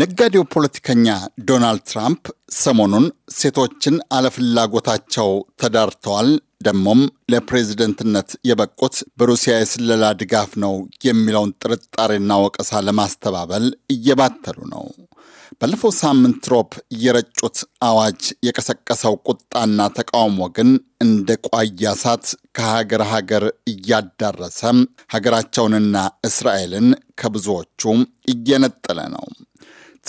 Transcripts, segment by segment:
ነጋዴው ፖለቲከኛ ዶናልድ ትራምፕ ሰሞኑን ሴቶችን አለፍላጎታቸው ተዳርተዋል፣ ደግሞም ለፕሬዝደንትነት የበቁት በሩሲያ የስለላ ድጋፍ ነው የሚለውን ጥርጣሬና ወቀሳ ለማስተባበል እየባተሉ ነው። ባለፈው ሳምንት ትሮፕ የረጩት አዋጅ የቀሰቀሰው ቁጣና ተቃውሞ ግን እንደ ቋያ እሳት ከሀገር ሀገር እያዳረሰ ሀገራቸውንና እስራኤልን ከብዙዎቹ እየነጠለ ነው።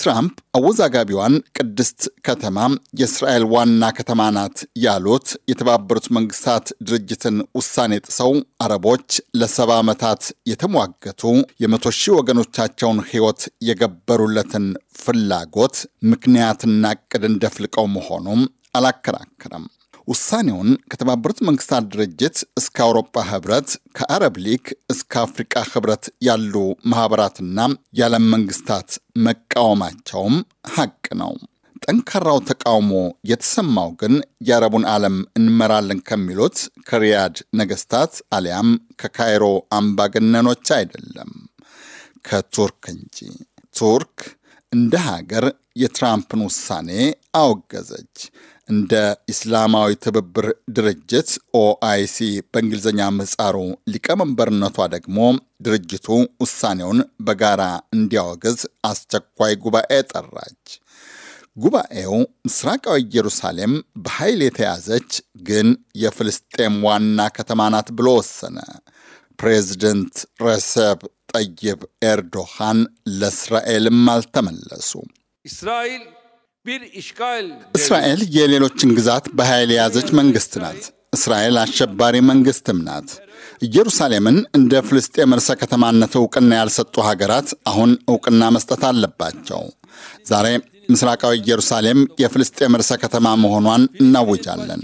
ትራምፕ አወዛጋቢዋን ቅድስት ከተማ የእስራኤል ዋና ከተማ ናት ያሉት የተባበሩት መንግስታት ድርጅትን ውሳኔ ጥሰው አረቦች ለሰባ ዓመታት የተሟገቱ የመቶ ሺህ ወገኖቻቸውን ሕይወት የገበሩለትን ፍላጎት ምክንያትና ዕቅድ እንደፍልቀው መሆኑም አላከራከረም። ውሳኔውን ከተባበሩት መንግስታት ድርጅት እስከ አውሮፓ ህብረት ከአረብ ሊግ እስከ አፍሪቃ ህብረት ያሉ ማኅበራትና የዓለም መንግስታት መቃወማቸውም ሐቅ ነው። ጠንካራው ተቃውሞ የተሰማው ግን የአረቡን ዓለም እንመራለን ከሚሉት ከሪያድ ነገስታት አሊያም ከካይሮ አምባገነኖች አይደለም፣ ከቱርክ እንጂ ቱርክ እንደ ሀገር የትራምፕን ውሳኔ አወገዘች። እንደ ኢስላማዊ ትብብር ድርጅት ኦአይሲ በእንግሊዝኛ ምህጻሩ ሊቀመንበርነቷ ደግሞ ድርጅቱ ውሳኔውን በጋራ እንዲያወግዝ አስቸኳይ ጉባኤ ጠራች። ጉባኤው ምስራቃዊ ኢየሩሳሌም በኃይል የተያዘች ግን የፍልስጤም ዋና ከተማ ናት ብሎ ወሰነ። ፕሬዚደንት ረሰብ ጠይብ ኤርዶሃን ለእስራኤልም አልተመለሱ። እስራኤል የሌሎችን ግዛት በኃይል የያዘች መንግሥት ናት። እስራኤል አሸባሪ መንግሥትም ናት። ኢየሩሳሌምን እንደ ፍልስጤም ርዕሰ ከተማነት ዕውቅና ያልሰጡ ሀገራት አሁን ዕውቅና መስጠት አለባቸው። ዛሬ ምስራቃዊ ኢየሩሳሌም የፍልስጤም ርዕሰ ከተማ መሆኗን እናውጃለን።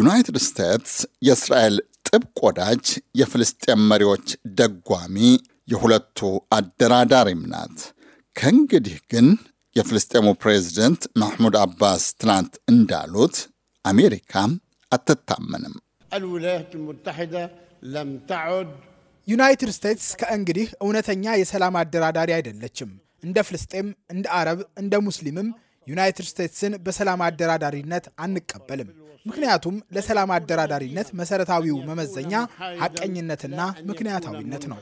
ዩናይትድ ስቴትስ የእስራኤል ጥብቅ ወዳጅ፣ የፍልስጤም መሪዎች ደጓሚ፣ የሁለቱ አደራዳሪም ናት። ከእንግዲህ ግን የፍልስጤሙ ፕሬዝደንት ማሕሙድ አባስ ትናንት እንዳሉት አሜሪካ አትታመንም። አልውላያት ልሙተሐዳ ለም ተዑድ ዩናይትድ ስቴትስ ከእንግዲህ እውነተኛ የሰላም አደራዳሪ አይደለችም። እንደ ፍልስጤም፣ እንደ አረብ፣ እንደ ሙስሊምም ዩናይትድ ስቴትስን በሰላም አደራዳሪነት አንቀበልም። ምክንያቱም ለሰላም አደራዳሪነት መሰረታዊው መመዘኛ ሐቀኝነትና ምክንያታዊነት ነው።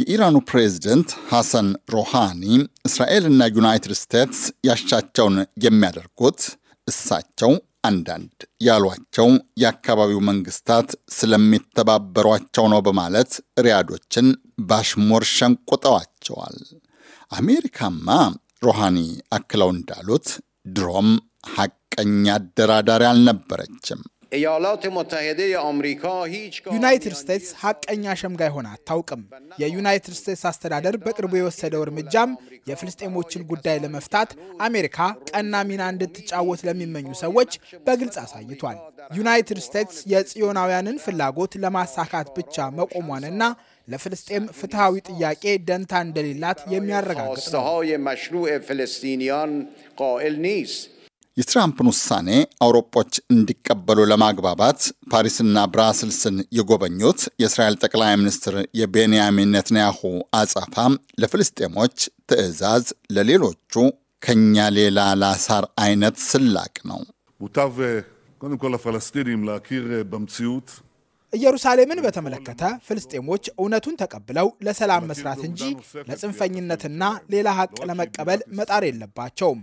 የኢራኑ ፕሬዝደንት ሐሰን ሮሃኒ እስራኤልና ዩናይትድ ስቴትስ ያሻቸውን የሚያደርጉት እሳቸው አንዳንድ ያሏቸው የአካባቢው መንግስታት ስለሚተባበሯቸው ነው በማለት ሪያዶችን ባሽሞር ሸንቁጠዋቸዋል። አሜሪካማ ሮሃኒ አክለው እንዳሉት ድሮም ሐቀኛ አደራዳሪ አልነበረችም። ዩናይትድ ስቴትስ ሀቀኛ ሸምጋይ ሆና አታውቅም። የዩናይትድ ስቴትስ አስተዳደር በቅርቡ የወሰደው እርምጃም የፍልስጤሞችን ጉዳይ ለመፍታት አሜሪካ ቀና ሚና እንድትጫወት ለሚመኙ ሰዎች በግልጽ አሳይቷል። ዩናይትድ ስቴትስ የጽዮናውያንን ፍላጎት ለማሳካት ብቻ መቆሟንና ለፍልስጤም ፍትሐዊ ጥያቄ ደንታ እንደሌላት የሚያረጋግጥ ነው። የትራምፕን ውሳኔ አውሮፖች እንዲቀበሉ ለማግባባት ፓሪስና ብራስልስን የጎበኙት የእስራኤል ጠቅላይ ሚኒስትር የቤንያሚን ኔትንያሁ አጻፋ ለፍልስጤሞች ትዕዛዝ፣ ለሌሎቹ ከኛ ሌላ ላሳር አይነት ስላቅ ነው ሙታቭ ኢየሩሳሌምን በተመለከተ ፍልስጤሞች እውነቱን ተቀብለው ለሰላም መስራት እንጂ ለጽንፈኝነትና ሌላ ሀቅ ለመቀበል መጣር የለባቸውም።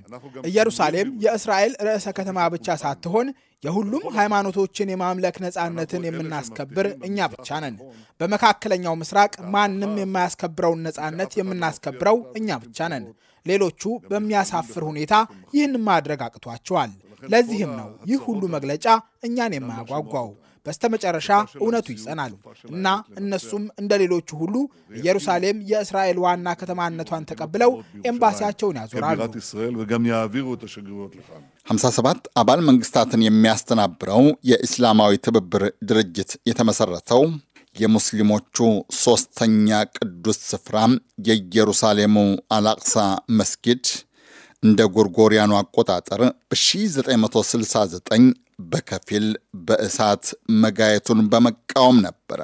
ኢየሩሳሌም የእስራኤል ርዕሰ ከተማ ብቻ ሳትሆን የሁሉም ሃይማኖቶችን የማምለክ ነፃነትን የምናስከብር እኛ ብቻ ነን። በመካከለኛው ምስራቅ ማንም የማያስከብረውን ነፃነት የምናስከብረው እኛ ብቻ ነን። ሌሎቹ በሚያሳፍር ሁኔታ ይህን ማድረግ አቅቷቸዋል። ለዚህም ነው ይህ ሁሉ መግለጫ እኛን የማያጓጓው። በስተመጨረሻ እውነቱ ይጸናል እና እነሱም እንደ ሌሎቹ ሁሉ ኢየሩሳሌም የእስራኤል ዋና ከተማነቷን ተቀብለው ኤምባሲያቸውን ያዞራሉ። 57 አባል መንግስታትን የሚያስተናብረው የእስላማዊ ትብብር ድርጅት የተመሰረተው የሙስሊሞቹ ሦስተኛ ቅዱስ ስፍራ የኢየሩሳሌሙ አላቅሳ መስጊድ እንደ ጎርጎሪያኑ አቆጣጠር በ1969 በከፊል በእሳት መጋየቱን በመቃወም ነበረ።